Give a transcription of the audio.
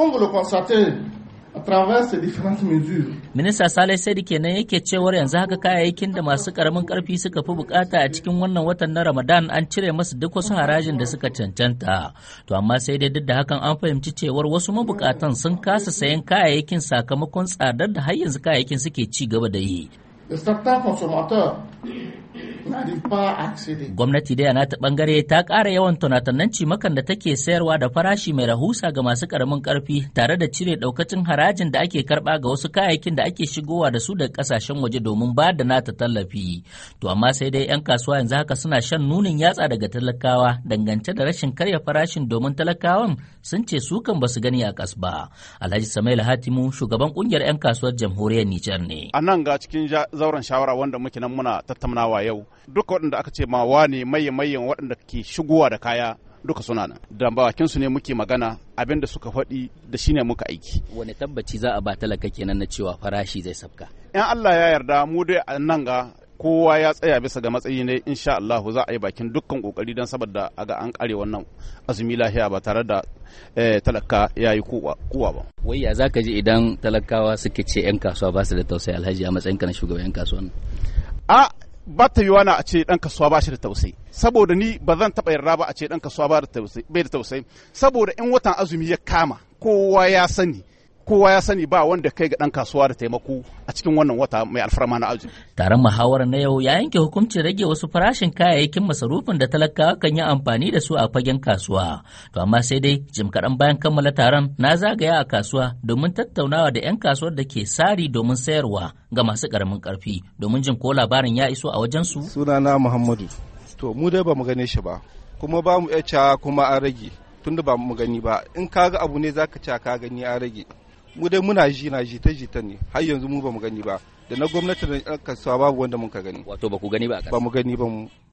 Comme vous le constatez, a travers ces différentes mesures. Minista Saleh kenan yake cewar yanzu haka kayayyakin da masu karamin karfi suka fi bukata a cikin wannan watan na Ramadan an cire masu duk wasu harajin da suka cancanta. To amma sai dai duk da hakan an fahimci cewar wasu mabukatan sun kasa sayan kayayyakin sakamakon tsadar da har yanzu kayayyakin suke ci gaba da yi. Gwamnati dai a nata bangare ta ƙara yawan tunatannan cimakan da take sayarwa da farashi mai rahusa ga masu ƙaramin ƙarfi tare da cire ɗaukacin harajin da ake karɓa ga wasu kayayyakin da ake shigowa da su daga ƙasashen waje domin ba da nata tallafi. To amma sai dai 'yan kasuwa yanzu haka suna shan nunin yatsa daga talakawa dangance da rashin karya farashin domin talakawan sun ce su kan basu gani a kas ba. Alhaji Samail Hatimu shugaban ƙungiyar 'yan kasuwar jamhuriyar Nijar ne. A nan ga cikin zauren shawara wanda muke nan muna tattaunawa yau duka waɗanda aka ce ma ne maye mayan waɗanda ke shigowa da kaya duka suna nan da bawakin su ne muke magana abin da suka faɗi da shine muka aiki wani tabbaci za a ba talaka kenan na cewa farashi zai sabka in Allah ya yarda mu dai a nan ga kowa ya tsaya bisa ga matsayi ne insha Allah za a yi bakin dukkan kokari don saboda a ga an kare wannan azumi lahiya ba tare da eh, talaka ya yi kuwa ba wai ya zaka ji idan talakawa suke ce yan kasuwa ba su da tausayi alhaji a matsayin ka na shugaban yan kasuwa a ba ta yi na a ce ɗan kasuwa ba shi da tausayi saboda ni ba zan taɓa yarda ba a ce ɗan kasuwa ba bai da tausayi saboda in watan azumi ya kama kowa ya sani kowa ya sani ba wanda kai ga ɗan kasuwa da taimako a cikin wannan wata mai alfarma na aljihu. Taron muhawarar na yau ya yanke hukuncin rage wasu farashin kayayyakin masarufin da talakawa kan yi amfani da su a fagen kasuwa. To amma sai dai jim kaɗan bayan kammala taron na zagaya a kasuwa domin tattaunawa da 'yan kasuwar da ke sari domin sayarwa ga masu ƙaramin ƙarfi domin jin ko labarin ya iso a wajen su. Sunana Muhammadu. To mu dai ba mu gane shi ba kuma ba mu iya kuma an rage tunda ba mu gani ba in kaga abu ne zaka ca ka gani an rage mu dai muna ji na jita jita ne har yanzu mu ba mu gani ba da na gwamnati da kasuwa babu wanda muka gani wato ba ku gani ba ba mu gani ba mu